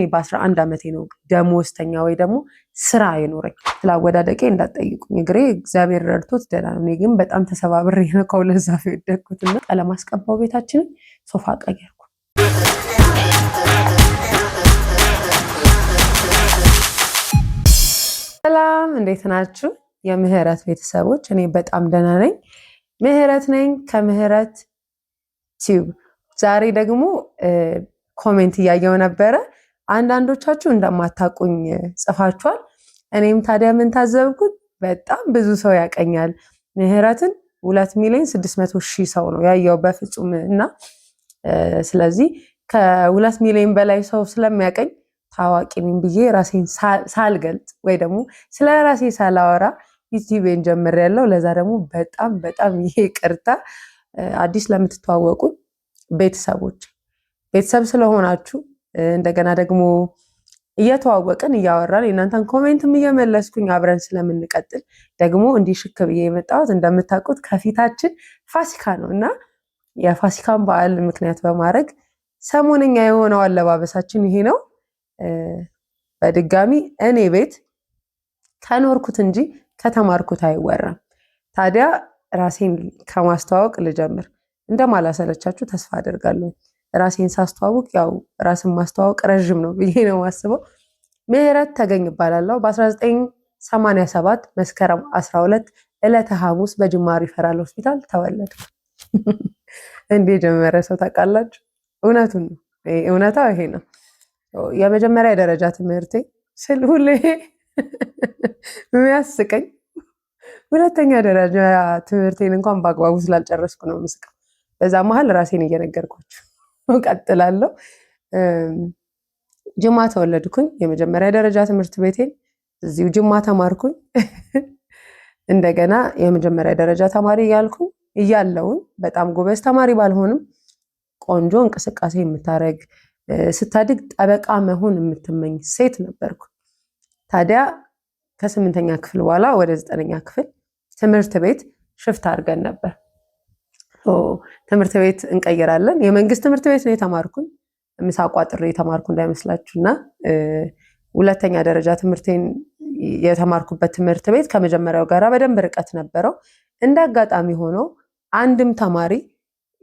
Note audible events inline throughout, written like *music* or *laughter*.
እኔ በአስራ አንድ ዓመቴ ነው ደሞዝተኛ ወይ ደግሞ ስራ አይኖረኝ ስላወዳደቄ እንዳጠይቁኝ እግሬ እግዚአብሔር ረድቶት ደህና ነው። እኔ ግን በጣም ተሰባብሬ ነው ከሁለት ዛፍ የወደቅኩት እና ቀለም አስቀባው ቤታችንን ሶፋ ቀየርኩ። ሰላም እንዴት ናችሁ? የምህረት ቤተሰቦች እኔ በጣም ደህና ነኝ። ምህረት ነኝ ከምህረት ቲዩብ። ዛሬ ደግሞ ኮሜንት እያየው ነበረ። አንዳንዶቻችሁ እንደማታቁኝ ጽፋችኋል። እኔም ታዲያ ምን ታዘብኩት? በጣም ብዙ ሰው ያቀኛል ምህረትን ሁለት ሚሊዮን ስድስት መቶ ሺህ ሰው ነው ያየው በፍጹም እና ስለዚህ ከሁለት ሚሊዮን በላይ ሰው ስለሚያቀኝ ታዋቂ ነኝ ብዬ ራሴን ሳልገልጥ ወይ ደግሞ ስለ ራሴ ሳላወራ ዩቲቤን ያለው ለዛ ደግሞ በጣም በጣም ይሄ ቅርታ አዲስ ለምትተዋወቁ ቤተሰቦች ቤተሰብ ስለሆናችሁ እንደገና ደግሞ እየተዋወቅን እያወራን የእናንተን ኮሜንትም እየመለስኩኝ አብረን ስለምንቀጥል ደግሞ እንዲህ ሽክ ብዬ የመጣሁት እንደምታውቁት ከፊታችን ፋሲካ ነው እና የፋሲካን በዓል ምክንያት በማድረግ ሰሞነኛ የሆነው አለባበሳችን ይሄ ነው። በድጋሚ እኔ ቤት ከኖርኩት እንጂ ከተማርኩት አይወራም። ታዲያ ራሴን ከማስተዋወቅ ልጀምር። እንደማላሰለቻችሁ ተስፋ አደርጋለሁ። ራሴን ሳስተዋውቅ ያው ራስን ማስተዋወቅ ረዥም ነው ብዬ ነው የማስበው። ምህረት ተገኝ ይባላለሁ። በ1987 መስከረም 12 ዕለተ ሐሙስ በጅማ ሪፈራል ሆስፒታል ተወለድኩ። *laughs* እንዴ የጀመረ ሰው ታውቃላችሁ? እውነቱን ነው። እውነታ ይሄ ነው። የመጀመሪያ ደረጃ ትምህርቴ ስል ሁሌ *laughs* የሚያስቀኝ ሁለተኛ ደረጃ ትምህርቴን እንኳን በአግባቡ ስላልጨረስኩ ነው ምስቀ በዛ መሀል ራሴን እየነገርኳቸው ቀጥላለሁ። ጅማ ተወለድኩኝ። የመጀመሪያ ደረጃ ትምህርት ቤቴን እዚሁ ጅማ ተማርኩኝ። *laughs* እንደገና የመጀመሪያ ደረጃ ተማሪ እያልኩኝ እያለውን በጣም ጎበዝ ተማሪ ባልሆንም ቆንጆ እንቅስቃሴ የምታደረግ ስታድግ ጠበቃ መሆን የምትመኝ ሴት ነበርኩ። ታዲያ ከስምንተኛ ክፍል በኋላ ወደ ዘጠነኛ ክፍል ትምህርት ቤት ሽፍት አድርገን ነበር። ትምህርት ቤት እንቀይራለን። የመንግስት ትምህርት ቤት ነው የተማርኩኝ። ምሳ ቋጥሬ የተማርኩ እንዳይመስላችሁ እና ሁለተኛ ደረጃ ትምህርቴን የተማርኩበት ትምህርት ቤት ከመጀመሪያው ጋር በደንብ ርቀት ነበረው። እንደ አጋጣሚ ሆኖ አንድም ተማሪ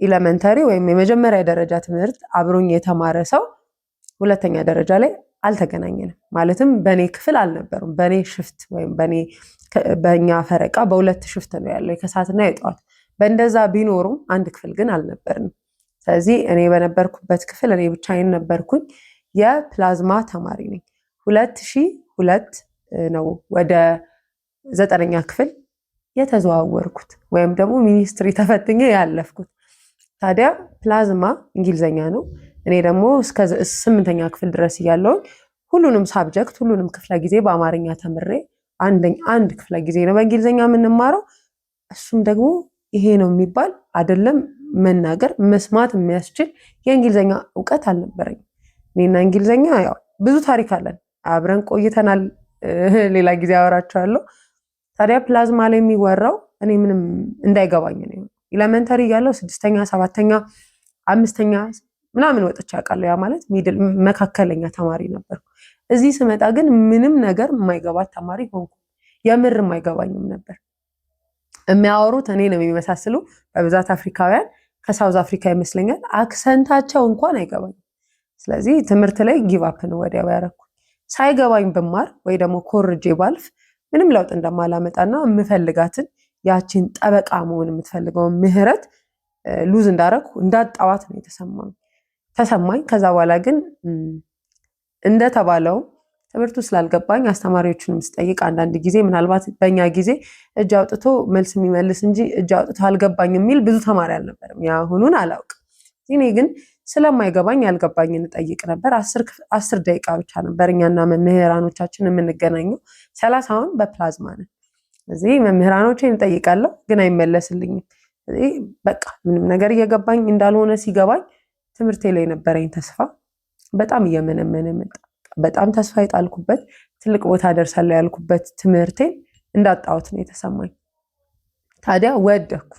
ኢለመንተሪ ወይም የመጀመሪያ ደረጃ ትምህርት አብሮኝ የተማረ ሰው ሁለተኛ ደረጃ ላይ አልተገናኘንም። ማለትም በእኔ ክፍል አልነበሩም። በእኔ ሽፍት ወይም በእኛ ፈረቃ በሁለት ሽፍት ነው ያለው የከሰዓትና የጠዋት በእንደዛ ቢኖሩም አንድ ክፍል ግን አልነበርም። ስለዚህ እኔ በነበርኩበት ክፍል እኔ ብቻዬን ነበርኩኝ። የፕላዝማ ተማሪ ነኝ። ሁለት ሺህ ሁለት ነው ወደ ዘጠነኛ ክፍል የተዘዋወርኩት ወይም ደግሞ ሚኒስትሪ ተፈትኜ ያለፍኩት። ታዲያ ፕላዝማ እንግሊዘኛ ነው። እኔ ደግሞ እስከ ስምንተኛ ክፍል ድረስ እያለሁኝ ሁሉንም ሳብጀክት ሁሉንም ክፍለ ጊዜ በአማርኛ ተምሬ አንድ ክፍለ ጊዜ ነው በእንግሊዝኛ የምንማረው። እሱም ደግሞ ይሄ ነው የሚባል አይደለም መናገር መስማት የሚያስችል የእንግሊዝኛ እውቀት አልነበረኝ። እኔና እንግሊዝኛ ያው ብዙ ታሪክ አለን፣ አብረን ቆይተናል። *laughs* ሌላ ጊዜ አወራቸዋለሁ። ታዲያ ፕላዝማ ላይ የሚወራው እኔ ምንም እንዳይገባኝ ነው። ኢለመንተሪ እያለሁ ስድስተኛ፣ ሰባተኛ፣ አምስተኛ ምናምን ወጥቼ አውቃለሁ። ያ ማለት ሚድል መካከለኛ ተማሪ ነበርኩ። እዚህ ስመጣ ግን ምንም ነገር የማይገባት ተማሪ ሆንኩ። የምር የማይገባኝም ነበር። የሚያወሩት እኔ ነው የሚመሳስሉ በብዛት አፍሪካውያን ከሳውዝ አፍሪካ ይመስለኛል። አክሰንታቸው እንኳን አይገባኝም። ስለዚህ ትምህርት ላይ ጊቫፕ ነው ወዲያው ያደረኩት። ሳይገባኝ ብማር ወይ ደግሞ ኮርጄ ባልፍ ምንም ለውጥ እንደማላመጣና የምፈልጋትን ያቺን ጠበቃ መሆን የምትፈልገውን ምህረት ሉዝ እንዳረኩ እንዳጣዋት ነው የተሰማኝ ተሰማኝ። ከዛ በኋላ ግን እንደተባለውም ትምህርቱ ስላልገባኝ አስተማሪዎችንም ስጠይቅ አንዳንድ ጊዜ ምናልባት በእኛ ጊዜ እጅ አውጥቶ መልስ የሚመልስ እንጂ እጅ አውጥቶ አልገባኝ የሚል ብዙ ተማሪ አልነበርም። የአሁኑን አላውቅም። እኔ ግን ስለማይገባኝ ያልገባኝ እንጠይቅ ነበር። አስር ደቂቃ ብቻ ነበር እኛና መምህራኖቻችን የምንገናኘው። ሰላሳውን በፕላዝማ ነን። እዚህ መምህራኖችን እንጠይቃለሁ፣ ግን አይመለስልኝም። በቃ ምንም ነገር እየገባኝ እንዳልሆነ ሲገባኝ ትምህርቴ ላይ ነበረኝ ተስፋ በጣም እየመነመነ መጣ። በጣም ተስፋ የጣልኩበት ትልቅ ቦታ ደርሳለሁ ያልኩበት ትምህርቴን እንዳጣሁት ነው የተሰማኝ። ታዲያ ወደኩ።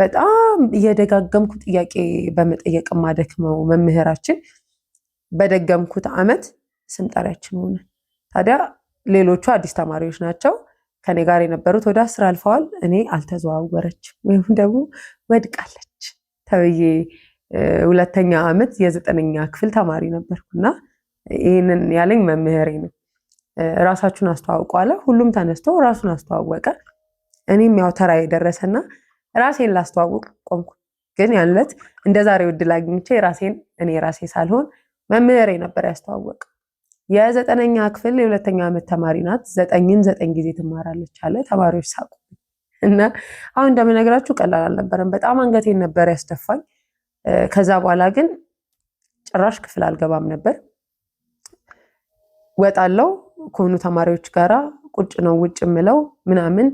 በጣም እየደጋገምኩ ጥያቄ በመጠየቅ ማደክመው መምህራችን በደገምኩት አመት ስንጠሪያችን ሆነ። ታዲያ ሌሎቹ አዲስ ተማሪዎች ናቸው። ከኔ ጋር የነበሩት ወደ አስር አልፈዋል። እኔ አልተዘዋወረችም ወይም ደግሞ ወድቃለች ተብዬ ሁለተኛ አመት የዘጠነኛ ክፍል ተማሪ ነበርኩና ይህንን ያለኝ መምህሬ ነው። ራሳችሁን አስተዋውቁ አለ። ሁሉም ተነስቶ ራሱን አስተዋወቀ። እኔም ያው ተራ የደረሰና ራሴን ላስተዋውቅ ቆምኩ። ግን ያለት እንደ ዛሬው እድል አግኝቼ ራሴን እኔ ራሴ ሳልሆን መምህሬ ነበር ያስተዋወቅ። የዘጠነኛ ክፍል የሁለተኛ ዓመት ተማሪ ናት። ዘጠኝን ዘጠኝ ጊዜ ትማራለች አለ። ተማሪዎች ሳቁ እና አሁን እንደምነግራችሁ ቀላል አልነበረም። በጣም አንገቴን ነበር ያስደፋኝ። ከዛ በኋላ ግን ጭራሽ ክፍል አልገባም ነበር። ወጣለው ከሆኑ ተማሪዎች ጋራ ቁጭ ነው ውጭ የምለው ምናምን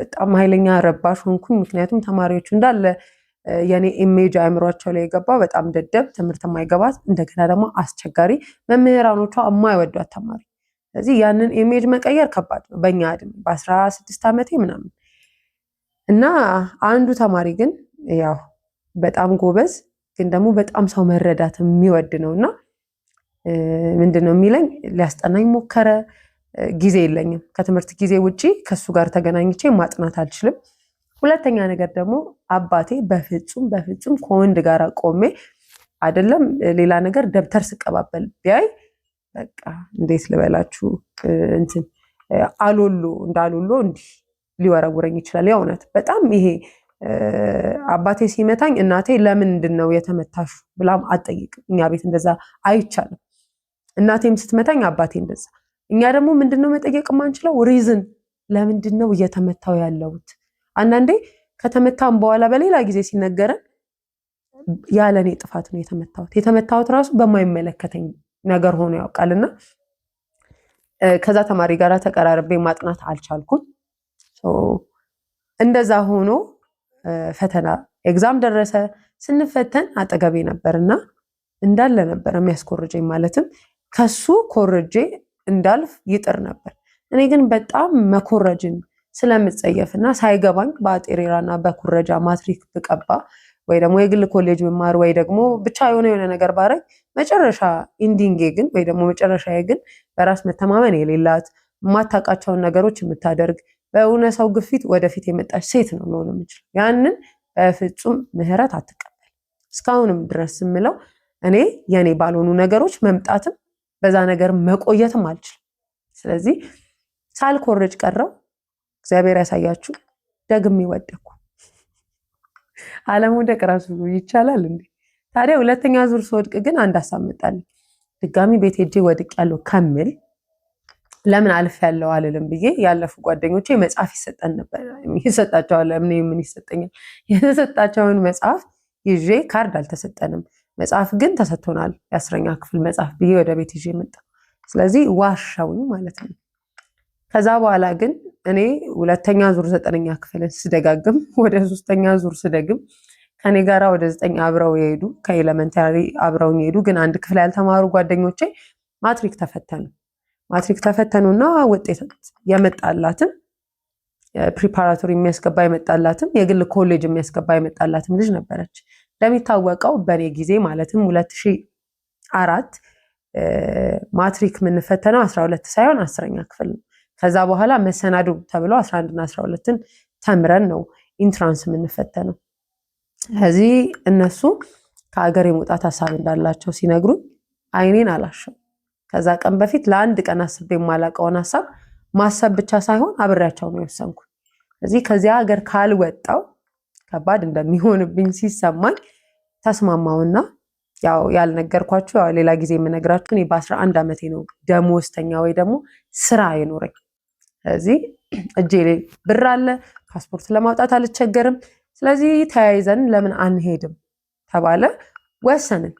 በጣም ኃይለኛ ረባሽ ሆንኩኝ። ምክንያቱም ተማሪዎቹ እንዳለ የኔ ኢሜጅ አይምሯቸው ላይ የገባ በጣም ደደብ፣ ትምህርት የማይገባት እንደገና ደግሞ አስቸጋሪ፣ መምህራኖቿ የማይወዷት ተማሪ። ስለዚህ ያንን ኢሜጅ መቀየር ከባድ ነው በእኛ እድሜ በአስራ ስድስት ዓመቴ ምናምን እና አንዱ ተማሪ ግን ያው በጣም ጎበዝ ግን ደግሞ በጣም ሰው መረዳት የሚወድ ነው እና ምንድን ነው የሚለኝ ሊያስጠናኝ ሞከረ። ጊዜ የለኝም። ከትምህርት ጊዜ ውጪ ከእሱ ጋር ተገናኝቼ ማጥናት አልችልም። ሁለተኛ ነገር ደግሞ አባቴ በፍጹም በፍጹም ከወንድ ጋር ቆሜ አይደለም ሌላ ነገር ደብተር ስቀባበል ቢያይ በቃ እንዴት ልበላችሁ እንትን አሎሎ እንዳሎሎ እንዲህ ሊወረውረኝ ይችላል። የእውነት በጣም ይሄ አባቴ ሲመታኝ እናቴ ለምንድን ነው የተመታሹ ብላም አጠይቅም። እኛ ቤት እንደዛ አይቻልም። እናቴም ስትመታኝ አባቴ እንደዛ። እኛ ደግሞ ምንድነው መጠየቅ የማንችለው ሪዝን፣ ለምንድን ነው እየተመታው ያለውት አንዳንዴ ከተመታን በኋላ በሌላ ጊዜ ሲነገረን ያለ እኔ ጥፋት ነው የተመታሁት፣ የተመታሁት ራሱ በማይመለከተኝ ነገር ሆኖ ያውቃል። ከዛ ተማሪ ጋር ተቀራርቤ ማጥናት አልቻልኩም። እንደዛ ሆኖ ፈተና ኤግዛም ደረሰ። ስንፈተን አጠገቤ ነበርና እንዳለ ነበር የሚያስኮርጀኝ ማለትም ከሱ ኮርጄ እንዳልፍ ይጥር ነበር። እኔ ግን በጣም መኮረጅን ስለምጸየፍና ሳይገባኝ በአጤሬራና በኩረጃ ማትሪክ ብቀባ ወይ ደግሞ የግል ኮሌጅ ብማር ወይ ደግሞ ብቻ የሆነ የሆነ ነገር ባረግ መጨረሻ ኢንዲንጌ ግን ወይ ደግሞ መጨረሻዬ ግን በራስ መተማመን የሌላት የማታውቃቸውን ነገሮች የምታደርግ በእውነ ሰው ግፊት ወደፊት የመጣች ሴት ነው መሆን የምችለው። ያንን በፍጹም ምህረት አትቀበል። እስካሁንም ድረስ የምለው እኔ የኔ ባልሆኑ ነገሮች መምጣትም በዛ ነገር መቆየትም አልችልም። ስለዚህ ሳልኮርጅ ቀረው። እግዚአብሔር ያሳያችሁ። ደግም ወደኩ። አለመውደቅ ራሱ ይቻላል እንዴ? ታዲያ ሁለተኛ ዙር ስወድቅ ግን አንድ አሳምጣል ድጋሚ ቤት ሄጄ ያለው ከምል ለምን አልፍ ያለው አልልም ብዬ ያለፉ ጓደኞቼ መጽሐፍ ይሰጠን ነበር ይሰጣቸዋል። ምን ይሰጠኛል? የተሰጣቸውን መጽሐፍ ይዤ ካርድ አልተሰጠንም መጽሐፍ ግን ተሰጥቶናል። የአስረኛ ክፍል መጽሐፍ ብዬ ወደ ቤት ይዤ መጣ። ስለዚህ ዋሻውኝ ማለት ነው። ከዛ በኋላ ግን እኔ ሁለተኛ ዙር ዘጠነኛ ክፍልን ስደጋግም *laughs* ወደ ሶስተኛ ዙር ስደግም ከኔ ጋር ወደ ዘጠኝ አብረው የሄዱ ከኤለመንታሪ አብረው የሄዱ ግን አንድ ክፍል ያልተማሩ ጓደኞቼ ማትሪክ ተፈተኑ። ማትሪክ ተፈተኑ እና ውጤት የመጣላትም ፕሪፓራቶሪ የሚያስገባ የመጣላትም የግል ኮሌጅ የሚያስገባ የመጣላትም ልጅ ነበረች። እንደሚታወቀው በኔ ጊዜ ማለትም 2004 ማትሪክ የምንፈተነው 12 ሳይሆን አስረኛ ክፍል ነው። ከዛ በኋላ መሰናዱ ተብሎ 11ና 12ን ተምረን ነው ኢንትራንስ የምንፈተነው። ከዚህ እነሱ ከሀገር የመውጣት ሀሳብ እንዳላቸው ሲነግሩኝ አይኔን አላሸው። ከዛ ቀን በፊት ለአንድ ቀን አስቤ የማላቀውን ሀሳብ ማሰብ ብቻ ሳይሆን አብሬያቸው ነው የወሰንኩ። ከዚህ ከዚያ ሀገር ካልወጣው ከባድ እንደሚሆንብኝ ሲሰማኝ ተስማማውና ያው ያልነገርኳችሁ ሌላ ጊዜ የምነግራችሁ እኔ በአስራ አንድ ዓመቴ ነው ደሞዝተኛ ወይ ደግሞ ስራ አይኖረኝ። ስለዚህ እጄ ላይ ብር አለ፣ ፓስፖርት ለማውጣት አልቸገርም። ስለዚህ ተያይዘን ለምን አንሄድም ተባለ። ወሰንን፣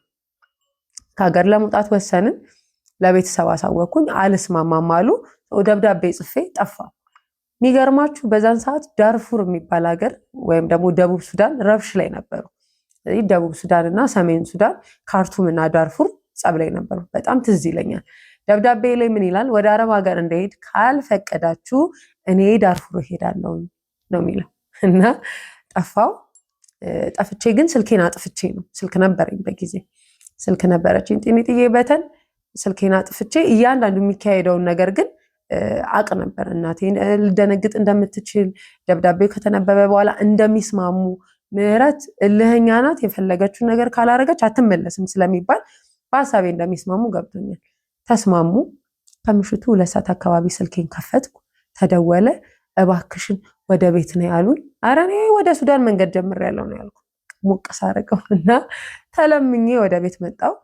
ከሀገር ለመውጣት ወሰንን። ለቤተሰብ አሳወቅኩኝ። አልስማማም አሉ። ደብዳቤ ጽፌ ጠፋ። የሚገርማችሁ በዛን ሰዓት ዳርፉር የሚባል ሀገር ወይም ደግሞ ደቡብ ሱዳን ረብሽ ላይ ነበሩ። ስለዚህ ደቡብ ሱዳን እና ሰሜን ሱዳን ካርቱም እና ዳርፉር ጸብ ላይ ነበሩ። በጣም ትዝ ይለኛል። ደብዳቤ ላይ ምን ይላል? ወደ አረብ ሀገር እንደሄድ ካልፈቀዳችሁ እኔ ዳርፉር እሄዳለሁ ነው የሚለው እና ጠፋው። ጠፍቼ ግን ስልኬን አጥፍቼ ነው። ስልክ ነበረኝ በጊዜ ስልክ ነበረችኝ፣ ጥኒጥዬ በተን ስልኬን አጥፍቼ እያንዳንዱ የሚካሄደውን ነገር ግን አቅ ነበር እናቴን ልደነግጥ እንደምትችል ደብዳቤው ከተነበበ በኋላ እንደሚስማሙ ምህረት እልህኛ ናት፣ የፈለገችውን ነገር ካላረገች አትመለስም ስለሚባል በሀሳቤ እንደሚስማሙ ገብቶኛል። ተስማሙ። ከምሽቱ ሁለት ሰዓት አካባቢ ስልኬን ከፈትኩ፣ ተደወለ። እባክሽን ወደ ቤት ነው ያሉኝ። ኧረ እኔ ወደ ሱዳን መንገድ ጀምሬያለሁ ነው ያልኩ፣ ሞቅ ሳረገው እና ተለምኜ ወደ ቤት መጣው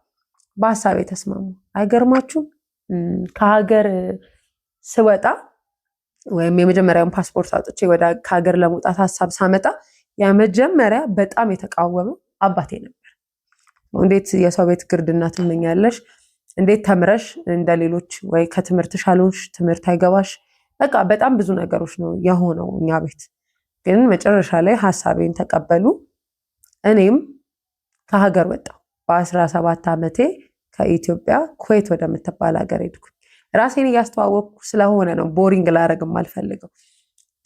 በሀሳቤ ተስማሙ። አይገርማችሁም? ከሀገር ስወጣ ወይም የመጀመሪያውን ፓስፖርት አውጥቼ ወደ ከሀገር ለመውጣት ሀሳብ ሳመጣ የመጀመሪያ በጣም የተቃወመው አባቴ ነበር። እንዴት የሰው ቤት ግርድና ትመኛለሽ? እንዴት ተምረሽ እንደሌሎች ወይ ከትምህርትሽ አልሆንሽ ትምህርት አይገባሽ፣ በቃ በጣም ብዙ ነገሮች ነው የሆነው እኛ ቤት። ግን መጨረሻ ላይ ሀሳቤን ተቀበሉ። እኔም ከሀገር ወጣሁ። በአስራ ሰባት ዓመቴ ከኢትዮጵያ ኩዌት ወደምትባል ሀገር ሄድኩ። ራሴን እያስተዋወቅኩ ስለሆነ ነው። ቦሪንግ ላረግም አልፈልገው።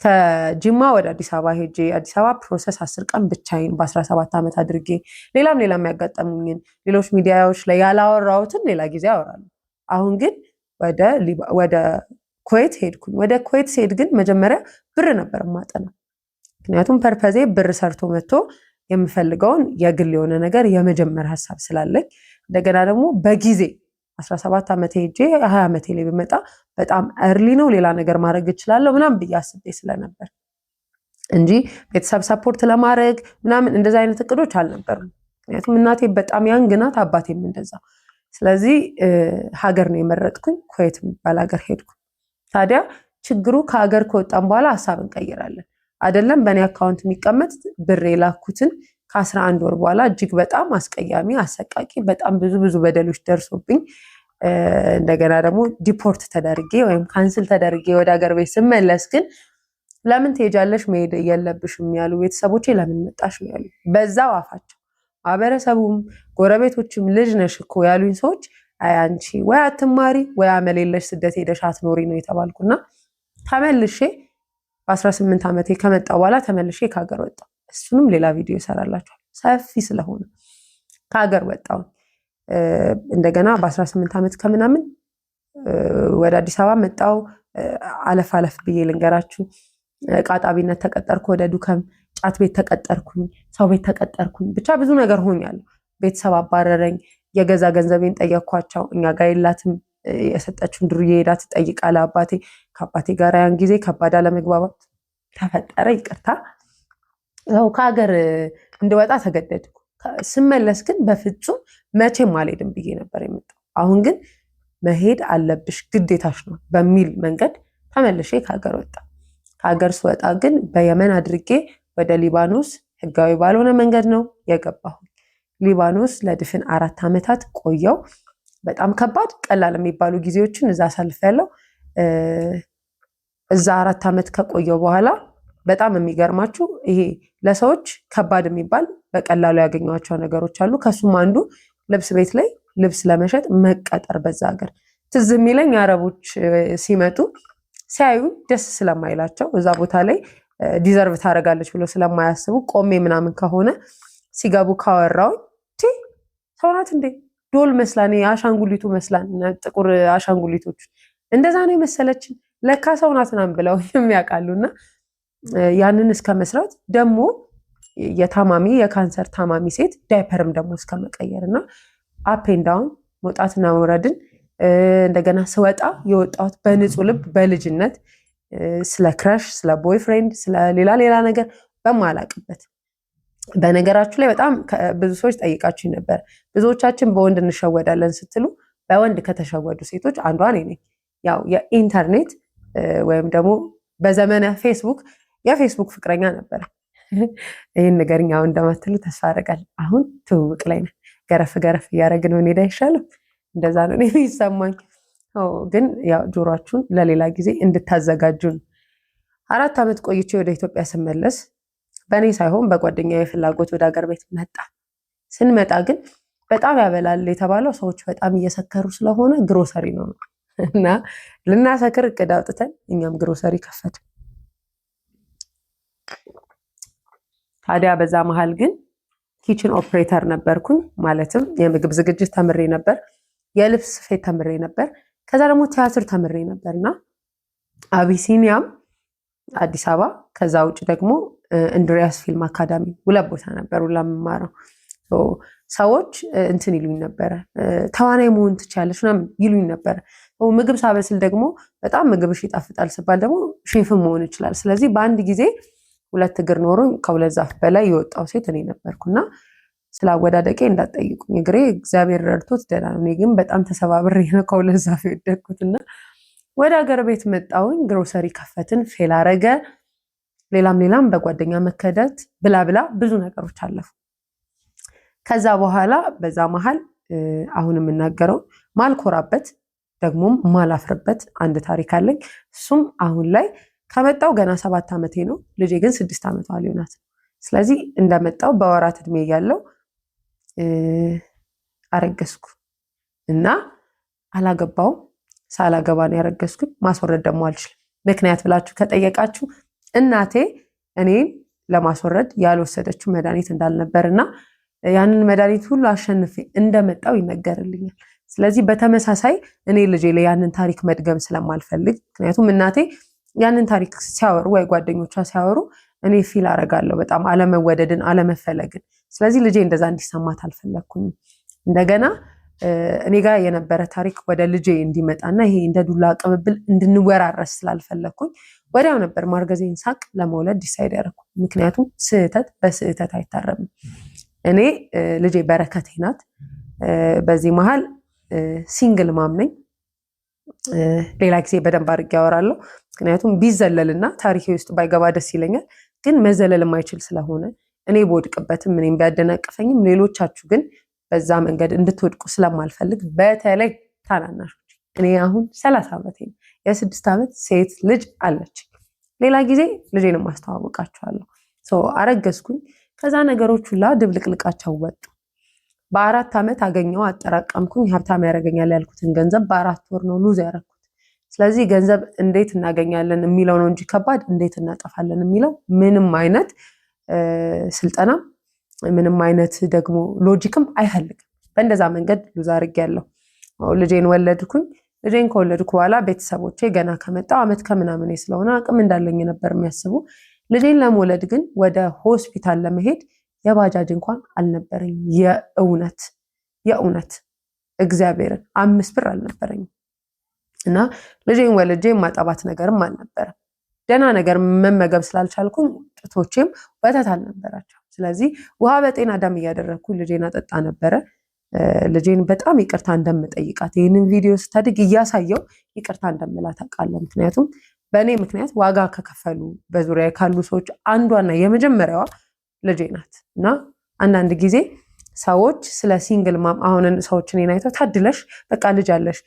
ከጅማ ወደ አዲስ አበባ ሄጄ አዲስ አበባ ፕሮሰስ አስር ቀን ብቻዬን በ17 ዓመት አድርጌ ሌላም ሌላም ያጋጠሙኝን ሌሎች ሚዲያዎች ላይ ያላወራሁትን ሌላ ጊዜ አወራለሁ። አሁን ግን ወደ ኩዌት ሄድኩኝ። ወደ ኩዌት ስሄድ ግን መጀመሪያ ብር ነበር ማጠና፣ ምክንያቱም ፐርፐዜ ብር ሰርቶ መጥቶ የምፈልገውን የግል የሆነ ነገር የመጀመር ሀሳብ ስላለኝ እንደገና ደግሞ በጊዜ 17 ዓመቴ ሄጄ 20 ዓመቴ ላይ ብመጣ በጣም እርሊ ነው፣ ሌላ ነገር ማድረግ እችላለሁ ምናምን ብዬ አስቤ ስለነበር እንጂ ቤተሰብ ሰፖርት ለማድረግ ምናምን እንደዚ አይነት እቅዶች አልነበርም። ምክንያቱም እናቴ በጣም ያንግ ናት፣ አባቴም እንደዛ። ስለዚህ ሀገር ነው የመረጥኩኝ። ኩዌት የሚባል ሀገር ሄድኩ። ታዲያ ችግሩ ከሀገር ከወጣም በኋላ ሀሳብ እንቀይራለን አይደለም። በእኔ አካውንት የሚቀመጥ ብር የላኩትን ከ11 ወር በኋላ እጅግ በጣም አስቀያሚ፣ አሰቃቂ በጣም ብዙ ብዙ በደሎች ደርሶብኝ እንደገና ደግሞ ዲፖርት ተደርጌ ወይም ካንስል ተደርጌ ወደ ሀገር ቤት ስመለስ ግን ለምን ትሄጃለሽ? መሄድ የለብሽም ያሉ ቤተሰቦቼ ለምን መጣሽ ያሉ። በዛው አፋቸው ማህበረሰቡም ጎረቤቶችም ልጅ ነሽ እኮ ያሉኝ ሰዎች አይ አንቺ ወይ አትማሪ ወይ አመል የለሽ ስደት ሄደሽ አትኖሪ ነው የተባልኩና ተመልሼ በ18 ዓመቴ ከመጣ በኋላ ተመልሼ ከሀገር ወጣ። እሱንም ሌላ ቪዲዮ ይሰራላችኋል። ሰፊ ስለሆነ ከሀገር ወጣው እንደገና በ18 ዓመት ከምናምን ወደ አዲስ አበባ መጣው አለፍ አለፍ ብዬ ልንገራችሁ። ቃጣቢነት ተቀጠርኩ፣ ወደ ዱከም ጫት ቤት ተቀጠርኩኝ፣ ሰው ቤት ተቀጠርኩኝ። ብቻ ብዙ ነገር ሆኛለሁ። ቤተሰብ አባረረኝ። የገዛ ገንዘቤን ጠየኳቸው። እኛ ጋር የላትም የሰጠችውን ድሩ የሄዳ ትጠይቃለ አባቴ ከአባቴ ጋር ያን ጊዜ ከባድ አለመግባባት ተፈጠረ። ይቅርታ ያው ከሀገር እንድወጣ ተገደድኩ። ስመለስ ግን በፍጹም መቼም አልሄድም ብዬ ነበር የመጣው። አሁን ግን መሄድ አለብሽ ግዴታሽ ነው በሚል መንገድ ተመልሼ ከሀገር ወጣ። ከሀገር ስወጣ ግን በየመን አድርጌ ወደ ሊባኖስ ህጋዊ ባልሆነ መንገድ ነው የገባሁ ሊባኖስ ለድፍን አራት ዓመታት ቆየው። በጣም ከባድ ቀላል የሚባሉ ጊዜዎችን እዛ አሳልፍ ያለው እዛ አራት ዓመት ከቆየው በኋላ በጣም የሚገርማችሁ ይሄ ለሰዎች ከባድ የሚባል በቀላሉ ያገኟቸው ነገሮች አሉ። ከሱም አንዱ ልብስ ቤት ላይ ልብስ ለመሸጥ መቀጠር። በዛ ሀገር ትዝ የሚለኝ አረቦች ሲመጡ ሲያዩ ደስ ስለማይላቸው እዛ ቦታ ላይ ዲዘርቭ ታደርጋለች ብሎ ስለማያስቡ ቆሜ ምናምን ከሆነ ሲገቡ ካወራው ሰው ናት እንዴ ዶል መስላን አሻንጉሊቱ መስላን ጥቁር አሻንጉሊቶች እንደዛ ነው የመሰለችን ለካ ሰው ናት ምናምን ብለው ያንን እስከ መስራት ደግሞ የታማሚ የካንሰር ታማሚ ሴት ዳይፐርም ደግሞ እስከ መቀየር እና አፔን ዳውን መውጣትና መውረድን እንደገና ስወጣ የወጣሁት በንጹህ ልብ በልጅነት ስለ ክራሽ ስለ ቦይፍሬንድ፣ ስለ ሌላ ሌላ ነገር በማላቅበት በነገራችሁ ላይ በጣም ብዙ ሰዎች ጠይቃችሁ ነበር። ብዙዎቻችን በወንድ እንሸወዳለን ስትሉ በወንድ ከተሸወዱ ሴቶች አንዷ እኔ ነኝ። ያው የኢንተርኔት ወይም ደግሞ በዘመነ ፌስቡክ የፌስቡክ ፍቅረኛ ነበረ። ይህን ንገሪኝ አሁን እንደማትሉ ተስፋ አደርጋለሁ። አሁን ትውውቅ ላይ ነን። ገረፍ ገረፍ እያደረግን መሄድ አይሻልም? እንደዛ ነው እኔ ይሰማኝ። ግን ያው ጆሯችሁን ለሌላ ጊዜ እንድታዘጋጁ ነው። አራት ዓመት ቆይቼ ወደ ኢትዮጵያ ስመለስ በእኔ ሳይሆን በጓደኛ የፍላጎት ወደ ሀገር ቤት መጣ። ስንመጣ ግን በጣም ያበላል የተባለው ሰዎች በጣም እየሰከሩ ስለሆነ ግሮሰሪ ነው እና ልናሰክር እቅድ አውጥተን እኛም ግሮሰሪ ከፈትን። ታዲያ በዛ መሀል ግን ኪችን ኦፕሬተር ነበርኩኝ። ማለትም የምግብ ዝግጅት ተምሬ ነበር፣ የልብስ ስፌት ተምሬ ነበር፣ ከዛ ደግሞ ቲያትር ተምሬ ነበር እና አቢሲኒያም አዲስ አበባ፣ ከዛ ውጭ ደግሞ እንድሪያስ ፊልም አካዳሚ ሁለት ቦታ ነበር ለምማረው። ሰዎች እንትን ይሉኝ ነበረ፣ ተዋናይ መሆን ትችያለሽ ምናምን ይሉኝ ነበረ። ምግብ ሳበስል ደግሞ በጣም ምግብሽ ይጣፍጣል ስባል ደግሞ ሼፍም መሆን ይችላል። ስለዚህ በአንድ ጊዜ ሁለት እግር ኖሮ ከሁለት ዛፍ በላይ የወጣው ሴት እኔ ነበርኩና ስለ እንዳትጠይቁኝ። እግሬ እግዚአብሔር ረድቶት ደህና ነው። እኔ ግን በጣም ተሰባብሬ ነው ከሁለት ዛፍ የወደኩት እና ወደ ሀገር ቤት መጣውኝ ግሮሰሪ ከፈትን፣ ፌል አረገ። ሌላም ሌላም በጓደኛ መከደት ብላ ብላ ብዙ ነገሮች አለፉ። ከዛ በኋላ በዛ መሀል አሁን የምናገረው ማልኮራበት ደግሞም ማላፍርበት አንድ ታሪክ አለኝ። እሱም አሁን ላይ ከመጣው ገና ሰባት ዓመቴ ነው። ልጄ ግን ስድስት ዓመቷ ሊሆናት። ስለዚህ እንደመጣው በወራት እድሜ እያለው አረገዝኩ እና አላገባውም። ሳላገባ ነው ያረገዝኩኝ። ማስወረድ ደግሞ አልችልም። ምክንያት ብላችሁ ከጠየቃችሁ እናቴ እኔን ለማስወረድ ያልወሰደችው መድኃኒት እንዳልነበር እና ያንን መድኃኒት ሁሉ አሸንፌ እንደመጣው ይነገርልኛል። ስለዚህ በተመሳሳይ እኔ ልጄ ላይ ያንን ታሪክ መድገም ስለማልፈልግ ምክንያቱም እናቴ ያንን ታሪክ ሲያወሩ ወይ ጓደኞቿ ሲያወሩ እኔ ፊል አረጋለሁ በጣም አለመወደድን፣ አለመፈለግን። ስለዚህ ልጄ እንደዛ እንዲሰማት አልፈለግኩኝም። እንደገና እኔ ጋር የነበረ ታሪክ ወደ ልጄ እንዲመጣና ይሄ እንደ ዱላ ቅብብል እንድንወራረስ ስላልፈለግኩኝ ወዲያው ነበር ማርገዜን ሳቅ ለመውለድ ዲሳይድ ያደረኩ። ምክንያቱም ስህተት በስህተት አይታረምም። እኔ ልጄ በረከቴ ናት። በዚህ መሀል ሲንግል ማም ነኝ። ሌላ ጊዜ በደንብ አድርጌ ያወራለሁ። ምክንያቱም ቢዘለልና ታሪኬ ውስጥ ባይገባ ደስ ይለኛል፣ ግን መዘለል የማይችል ስለሆነ እኔ በወድቅበትም እኔም ቢያደናቅፈኝም ሌሎቻችሁ ግን በዛ መንገድ እንድትወድቁ ስለማልፈልግ በተለይ ታናናሾች። እኔ አሁን ሰላሳ ዓመት የስድስት ዓመት ሴት ልጅ አለች። ሌላ ጊዜ ልጄንም አስተዋውቃችኋለሁ። አረገዝኩኝ። ከዛ ነገሮች ሁላ ድብልቅልቃቸው ወጡ። በአራት ዓመት አገኘው አጠራቀምኩኝ ሀብታም ያደርገኛል ያልኩትን ገንዘብ በአራት ወር ነው ሉዝ ያደረኩት። ስለዚህ ገንዘብ እንዴት እናገኛለን የሚለው ነው እንጂ ከባድ እንዴት እናጠፋለን የሚለው ምንም አይነት ስልጠና ምንም አይነት ደግሞ ሎጂክም አይፈልግም። በእንደዛ መንገድ ሉዝ አድርጌያለሁ። ልጄን ወለድኩኝ። ልጄን ከወለድኩ በኋላ ቤተሰቦቼ ገና ከመጣው አመት ከምናምን ስለሆነ አቅም እንዳለኝ ነበር የሚያስቡ። ልጄን ለመውለድ ግን ወደ ሆስፒታል ለመሄድ የባጃጅ እንኳን አልነበረኝ የእውነት የእውነት እግዚአብሔርን አምስት ብር አልነበረኝ እና ልጄን ወልጄ የማጠባት ነገርም አልነበረም። ደህና ነገር መመገብ ስላልቻልኩኝ ጡቶቼም ወተት አልነበራቸው። ስለዚህ ውሃ በጤና ዳም እያደረግኩ ልጄን አጠጣ ነበረ። ልጄን በጣም ይቅርታ እንደምጠይቃት ይህንን ቪዲዮ ስታድግ እያሳየው ይቅርታ እንደምላት አውቃለሁ። ምክንያቱም በእኔ ምክንያት ዋጋ ከከፈሉ በዙሪያ ካሉ ሰዎች አንዷና የመጀመሪያዋ ልጄ ናት እና አንዳንድ ጊዜ ሰዎች ስለ ሲንግል ማም አሁንን ሰዎችን ናይተው አይተው ታድለሽ በቃ ልጅ አለሽ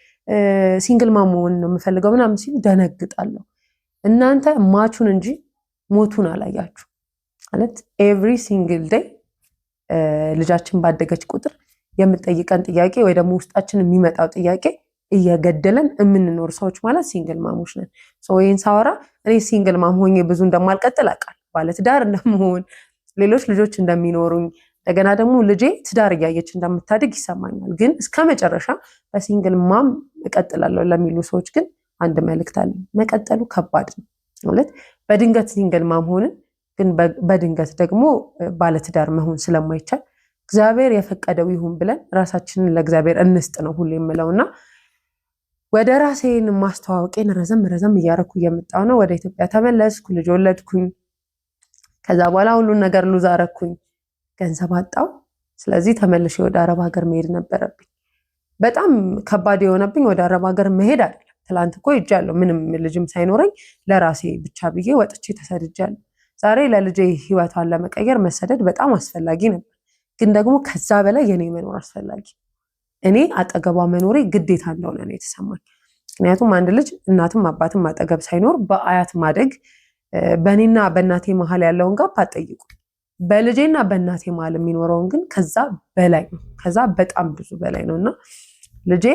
ሲንግል ማም ነው የምፈልገው ምናምን ሲሉ ደነግጣለሁ። እናንተ ማቹን እንጂ ሞቱን አላያችሁ ማለት ኤቭሪ ሲንግል ዴይ ልጃችን ባደገች ቁጥር የምጠይቀን ጥያቄ ወይ ደግሞ ውስጣችን የሚመጣው ጥያቄ እየገደለን የምንኖር ሰዎች ማለት ሲንግል ማሞች ነን። ይህን ሳወራ እኔ ሲንግል ማም ሆኜ ብዙ እንደማልቀጥል አውቃለሁ። ባለትዳር እንደመሆን ሌሎች ልጆች እንደሚኖሩኝ እንደገና ደግሞ ልጄ ትዳር እያየች እንደምታድግ ይሰማኛል። ግን እስከ መጨረሻ በሲንግል ማም እቀጥላለሁ ለሚሉ ሰዎች ግን አንድ መልእክት አለ። መቀጠሉ ከባድ ነው ማለት በድንገት ሲንግል ማም ሆንን፣ ግን በድንገት ደግሞ ባለትዳር መሆን ስለማይቻል እግዚአብሔር የፈቀደው ይሁን ብለን ራሳችንን ለእግዚአብሔር እንስጥ ነው ሁሉ የምለውና ወደ ራሴን ማስተዋወቄን ረዘም ረዘም እያደረኩ እየመጣሁ ነው። ወደ ኢትዮጵያ ተመለስኩ፣ ልጅ ወለድኩኝ። ከዛ በኋላ ሁሉን ነገር ሉዝ አረኩኝ፣ ገንዘብ አጣው። ስለዚህ ተመልሼ ወደ አረብ ሀገር መሄድ ነበረብኝ። በጣም ከባድ የሆነብኝ ወደ አረብ ሀገር መሄድ አይደለም። ትላንት እኮ ሄጃለሁ፣ ምንም ልጅም ሳይኖረኝ ለራሴ ብቻ ብዬ ወጥቼ ተሰድጃለሁ። ዛሬ ለልጄ ህይወቷን ለመቀየር መሰደድ በጣም አስፈላጊ ነበር፣ ግን ደግሞ ከዛ በላይ የኔ መኖር አስፈላጊ እኔ አጠገቧ መኖሬ ግዴታ እንደሆነ ነው የተሰማኝ። ምክንያቱም አንድ ልጅ እናትም አባትም አጠገብ ሳይኖር በአያት ማደግ በእኔና በእናቴ መሀል ያለውን ጋፕ አጠይቁ። በልጄና በእናቴ መሀል የሚኖረውን ግን ከዛ በላይ ነው፣ ከዛ በጣም ብዙ በላይ ነው እና ልጄ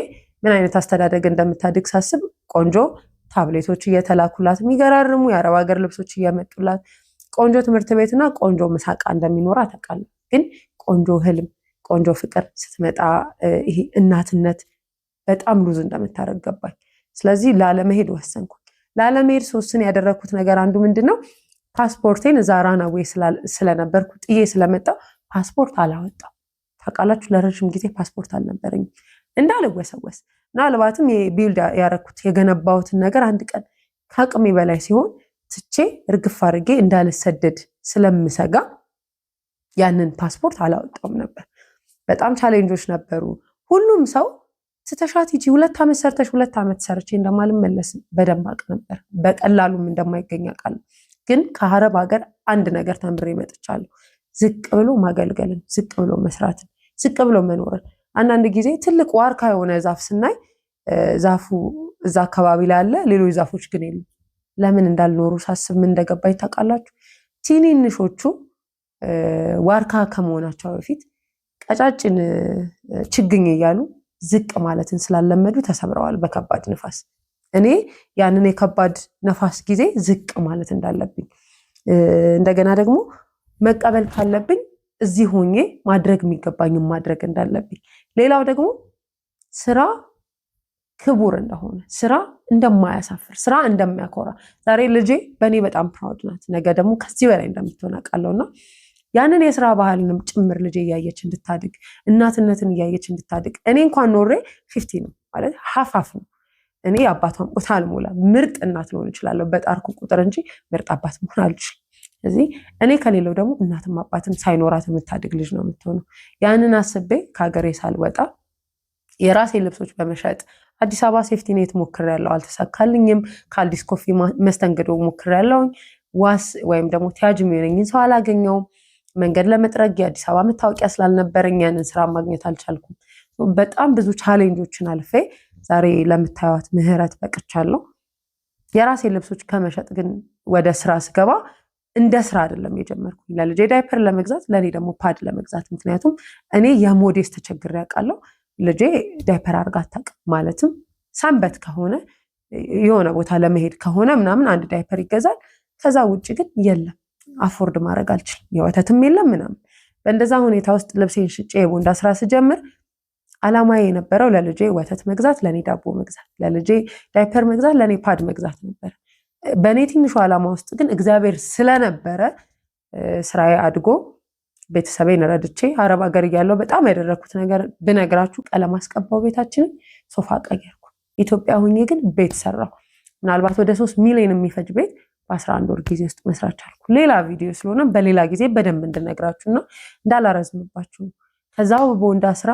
ምን አይነት አስተዳደግ እንደምታድግ ሳስብ ቆንጆ ታብሌቶች እየተላኩላት የሚገራርሙ የአረብ ሀገር ልብሶች እየመጡላት ቆንጆ ትምህርት ቤትና ቆንጆ ምሳቃ እንደሚኖራ ታውቃለህ። ግን ቆንጆ ህልም፣ ቆንጆ ፍቅር ስትመጣ ይሄ እናትነት በጣም ሉዝ ገባኝ። ስለዚህ ላለመሄድ ወሰንኩ። ላለመሄድ ሶስትን ያደረግኩት ነገር አንዱ ምንድን ነው ፓስፖርቴን እዛ ራናዌ ስለነበርኩ ጥዬ ስለመጣው ፓስፖርት አላወጣው ታውቃላችሁ። ለረዥም ጊዜ ፓስፖርት አልነበረኝም እንዳልወሰወስ ምናልባትም ቢልድ ያረኩት የገነባሁትን ነገር አንድ ቀን ከአቅሜ በላይ ሲሆን ትቼ እርግፍ አድርጌ እንዳልሰደድ ስለምሰጋ ያንን ፓስፖርት አላወጣውም ነበር። በጣም ቻሌንጆች ነበሩ። ሁሉም ሰው ስተሻት ሂጂ። ሁለት ዓመት ሰርተሽ ሁለት ዓመት ሰርቼ እንደማልመለስም በደንብ አውቅ ነበር። በቀላሉም እንደማይገኝ አውቃለሁ። ግን ከአረብ ሀገር አንድ ነገር ተምሬ መጥቻለሁ። ዝቅ ብሎ ማገልገልን፣ ዝቅ ብሎ መስራትን፣ ዝቅ ብሎ መኖርን። አንዳንድ ጊዜ ትልቅ ዋርካ የሆነ ዛፍ ስናይ ዛፉ እዛ አካባቢ ላይ አለ፣ ሌሎች ዛፎች ግን የሉ። ለምን እንዳልኖሩ ሳስብ ምን እንደገባኝ ታውቃላችሁ? ትንንሾቹ ዋርካ ከመሆናቸው በፊት ቀጫጭን ችግኝ እያሉ ዝቅ ማለትን ስላለመዱ ተሰብረዋል በከባድ ንፋስ። እኔ ያንን የከባድ ነፋስ ጊዜ ዝቅ ማለት እንዳለብኝ እንደገና ደግሞ መቀበል ካለብኝ እዚህ ሆኜ ማድረግ የሚገባኝም ማድረግ እንዳለብኝ፣ ሌላው ደግሞ ስራ ክቡር እንደሆነ ስራ እንደማያሳፍር ስራ እንደሚያኮራ ዛሬ ልጄ በእኔ በጣም ፕራውድ ናት፣ ነገ ደግሞ ከዚህ በላይ እንደምትሆን እና። ያንን የስራ ባህልንም ጭምር ልጄ እያየች እንድታድግ እናትነትን እያየች እንድታድግ እኔ እንኳን ኖሬ ፊፍቲ ነው ማለት ሀፋፍ ነው። እኔ የአባቷን ቦታ አልሞላ ምርጥ እናት ልሆን እችላለሁ በጣርኩ ቁጥር እንጂ ምርጥ አባት መሆን አልችል። ስለዚህ እኔ ከሌለው ደግሞ እናትም አባትም ሳይኖራት የምታድግ ልጅ ነው የምትሆነው። ያንን አስቤ ከሀገሬ ሳልወጣ የራሴ ልብሶች በመሸጥ አዲስ አበባ ሴፍቲ ኔት ያለው አልተሳካልኝም። ከአልዲስ ኮፊ መስተንግዶ ያለውኝ ዋስ ወይም ደግሞ ቲያጅ የሚሆነኝን ሰው አላገኘውም። መንገድ ለመጥረግ የአዲስ አበባ መታወቂያ ስላልነበረኝ ያንን ስራ ማግኘት አልቻልኩም። በጣም ብዙ ቻሌንጆችን አልፌ ዛሬ ለምታዩት ምህረት በቅቻለሁ። የራሴ ልብሶች ከመሸጥ ግን ወደ ስራ ስገባ እንደ ስራ አይደለም የጀመርኩ። ለልጄ ዳይፐር ለመግዛት ለእኔ ደግሞ ፓድ ለመግዛት። ምክንያቱም እኔ የሞዴስ ተቸግሬ አውቃለሁ። ልጄ ዳይፐር አድርጋ አታውቅም። ማለትም ሰንበት ከሆነ የሆነ ቦታ ለመሄድ ከሆነ ምናምን አንድ ዳይፐር ይገዛል። ከዛ ውጭ ግን የለም። አፎርድ ማድረግ አልችልም። የወተትም የለም ምናምን። በእንደዛ ሁኔታ ውስጥ ልብሴን ሽጬ የቦንዳ ስራ ስጀምር አላማዬ የነበረው ለልጄ ወተት መግዛት፣ ለእኔ ዳቦ መግዛት፣ ለልጄ ዳይፐር መግዛት፣ ለእኔ ፓድ መግዛት ነበር። በእኔ ትንሹ አላማ ውስጥ ግን እግዚአብሔር ስለነበረ ስራዬ አድጎ ቤተሰቤን ረድቼ አረብ ሀገር እያለው በጣም ያደረግኩት ነገር ብነግራችሁ ቀለም አስቀባው ቤታችንን፣ ሶፋ ቀየርኩ። ኢትዮጵያ ሁኜ ግን ቤት ሰራሁ። ምናልባት ወደ ሶስት ሚሊዮን የሚፈጅ ቤት በአስራ አንድ ወር ጊዜ ውስጥ መስራት ቻልኩ። ሌላ ቪዲዮ ስለሆነ በሌላ ጊዜ በደንብ እንድነግራችሁ እና እንዳላረዝምባችሁ ነው። ከዛ በወንዳ ስራ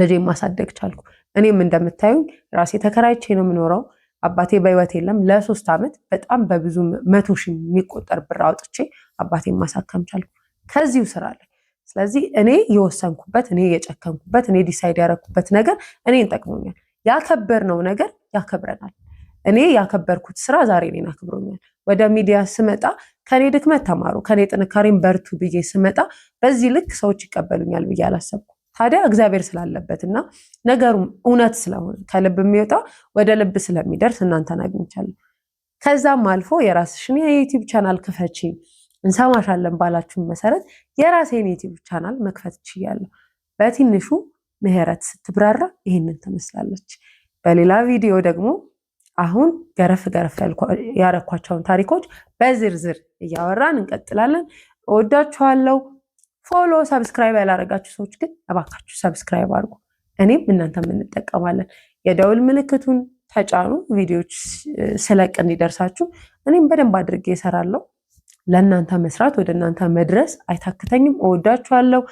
ልጄ ማሳደግ ቻልኩ። እኔም እንደምታዩኝ ራሴ ተከራይቼ ነው የምኖረው። አባቴ በህይወት የለም። ለሶስት ዓመት በጣም በብዙ መቶ ሺህ የሚቆጠር ብር አውጥቼ አባቴ ማሳከም ቻልኩ ከዚሁ ስራ ላይ። ስለዚህ እኔ የወሰንኩበት እኔ የጨከንኩበት እኔ ዲሳይድ ያረኩበት ነገር እኔን ጠቅሞኛል። ያከበርነው ነገር ያከብረናል። እኔ ያከበርኩት ስራ ዛሬ እኔን አክብሮኛል። ወደ ሚዲያ ስመጣ ከኔ ድክመት ተማሩ፣ ከኔ ጥንካሬን በርቱ ብዬ ስመጣ በዚህ ልክ ሰዎች ይቀበሉኛል ብዬ አላሰብኩ ታዲያ እግዚአብሔር ስላለበት እና ነገሩም እውነት ስለሆነ ከልብ የሚወጣ ወደ ልብ ስለሚደርስ እናንተን አግኝቻለሁ። ከዛም አልፎ የራስሽን የዩቲዩብ ቻናል ክፈቺ እንሰማሻለን ባላችሁን መሰረት የራሴን ዩቲዩብ ቻናል መክፈት ችያለሁ። በትንሹ ምህረት ስትብራራ ይህንን ትመስላለች። በሌላ ቪዲዮ ደግሞ አሁን ገረፍ ገረፍ ያረኳቸውን ታሪኮች በዝርዝር እያወራን እንቀጥላለን። ወዳችኋለው። ፎሎ፣ ሰብስክራይብ ያላረጋችሁ ሰዎች ግን እባካችሁ ሰብስክራይብ አድርጉ። እኔም እናንተም እንጠቀማለን። የደውል ምልክቱን ተጫኑ። ቪዲዮዎች ስለቅ እንዲደርሳችሁ እኔም በደንብ አድርጌ እሰራለሁ። ለእናንተ መስራት ወደ እናንተ መድረስ አይታክተኝም። እወዳችኋለሁ።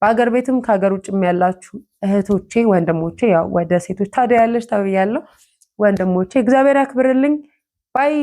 በሀገር ቤትም ከሀገር ውጭም ያላችሁ እህቶቼ፣ ወንድሞቼ ያው ወደ ሴቶች ታዲያ ያለች ተብያለሁ። ወንድሞቼ። እግዚአብሔር ያክብርልኝ ባይ